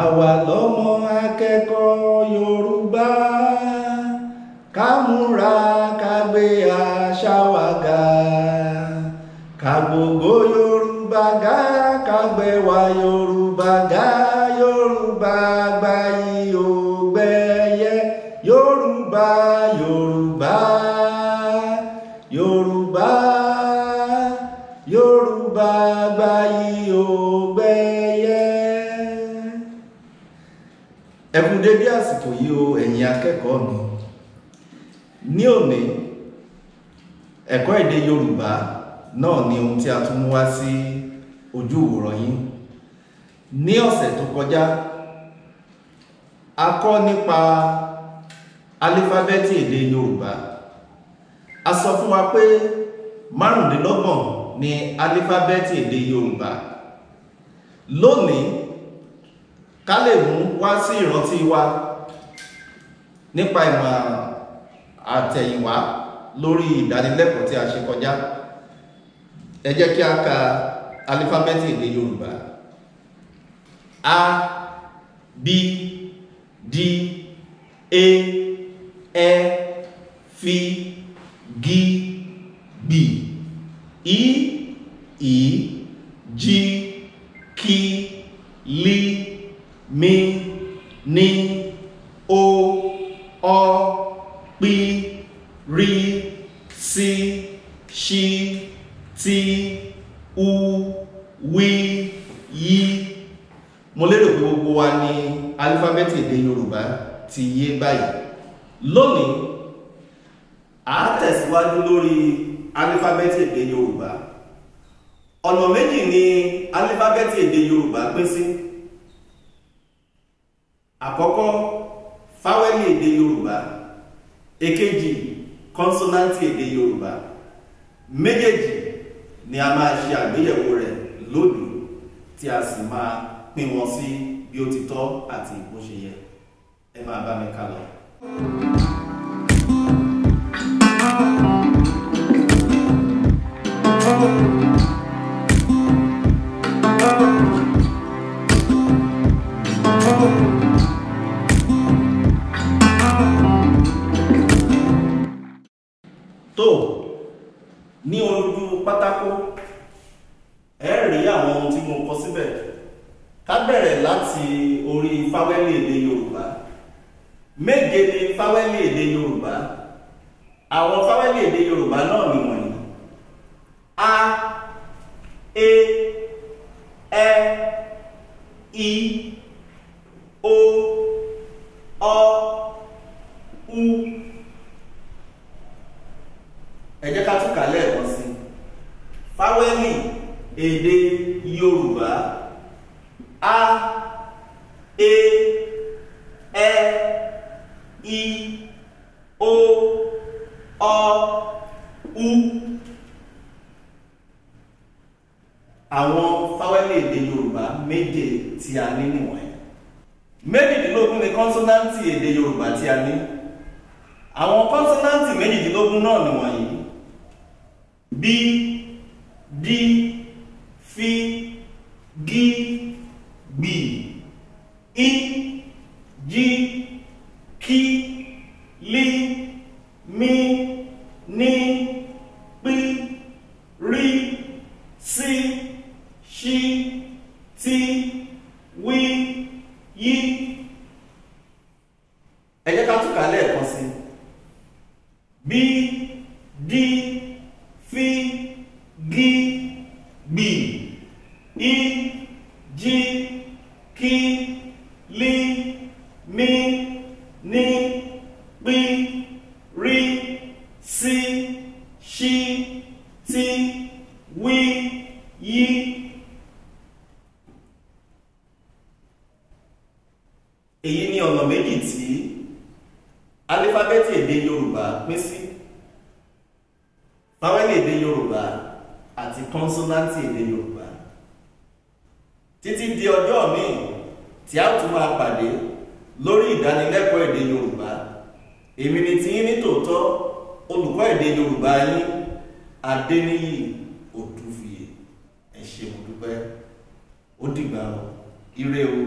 àwa lọ́mọ akẹ́kọ̀ọ́ Yorùbá ká múra ká gbé àṣà wa ga ká gbogbo Yorùbá ga ká gbẹ̀wà Yorùbá ga. yorùbá yorùbá báyìí ò gbẹ́yẹ. ẹ kú dédé àsìkò yìí o ẹ̀yìn akẹ́kọ̀ọ́ mi ní òní ẹ̀kọ́ èdè yorùbá náà ni ohun tí a tún mú wá sí ojú ìwòran yín ní ọ̀sẹ̀ tó kọjá a kọ́ nípa alífábẹ́ẹ̀tì èdè yorùbá a sọ fún wa pé márùndínlọ́gbọ̀n ni alífábẹ́ẹ̀tì èdè Yorùbá lónìí ká lè mú wá sí ìrántí wa nípa ìmọ̀ àtẹ̀yìnwá lórí ìdánilẹ́kọ̀ọ́ tí a ṣe kọjá ẹ jẹ́ kí a ka alífábẹ́ẹ̀tì èdè Yorùbá a b d e f i ṣí kí lí mí ní O ọ pí rí sí ṣí tí u wí yí mo lérò pé gbogbo wa ni alifábẹ́tì èdè Yorùbá ti yé báyìí lónìí a tẹ̀síwájú lórí alifábẹ́tì èdè Yorùbá ọ̀nà méjì ni alífábẹ́ẹ̀tì èdè yorùbá pín sí àkọ́kọ́ fáwẹ́lì èdè yorùbá èkejì kọ́nsọ́náǹtì èdè yorùbá méjèèjì ni a máa ṣe àgbéyẹ̀wò rẹ̀ lónìí tí a sì máa pín wọn sí bí ó ti tọ́ àti bó ṣe yẹ ẹ máa bá mi kà thank you tó ní ojú pátákó ẹ rí àwọn ohun tí mo kọ síbẹ̀ ká bẹ̀rẹ̀ láti orí fáwẹ́lì èdè Yorùbá méje ni fáwẹ́lì èdè Yorùbá àwọn fáwẹ́lì èdè Yorùbá náà a e e i o O, u àwọn fáwẹ́lì èdè yorùbá méje tí a ní nìwọ̀nyí méjìdínlógún ni kọ́nsọ́náǹtì èdè yorùbá tí a ní àwọn kọ́nsọ́náǹtì méjìdínlógún náà nìwọ̀nyí b d f g i ji ki li mi ni pi ri si ṣi ti wí yí. ẹ jẹ́ ká tún kà á sí i bí di. mí ní pí rí sí ṣí tí wí yí. èyí ni ọ̀nà méjì tí alífábẹ́tì èdè Yorùbá pín sí fáwẹ́lì èdè Yorùbá àti kọ́nsọ́láǹtì èdè Yorùbá títí di ọjọ́ míì tí a tún máa pàdé lórí ìdánilẹ́kọ̀ọ́ èdè yorùbá èmi ni ti yín ní tòótọ́ olùkọ́ èdè yorùbá yín adéníyì òdúfìyè ẹ ṣé mo ó dìgbà o ire o.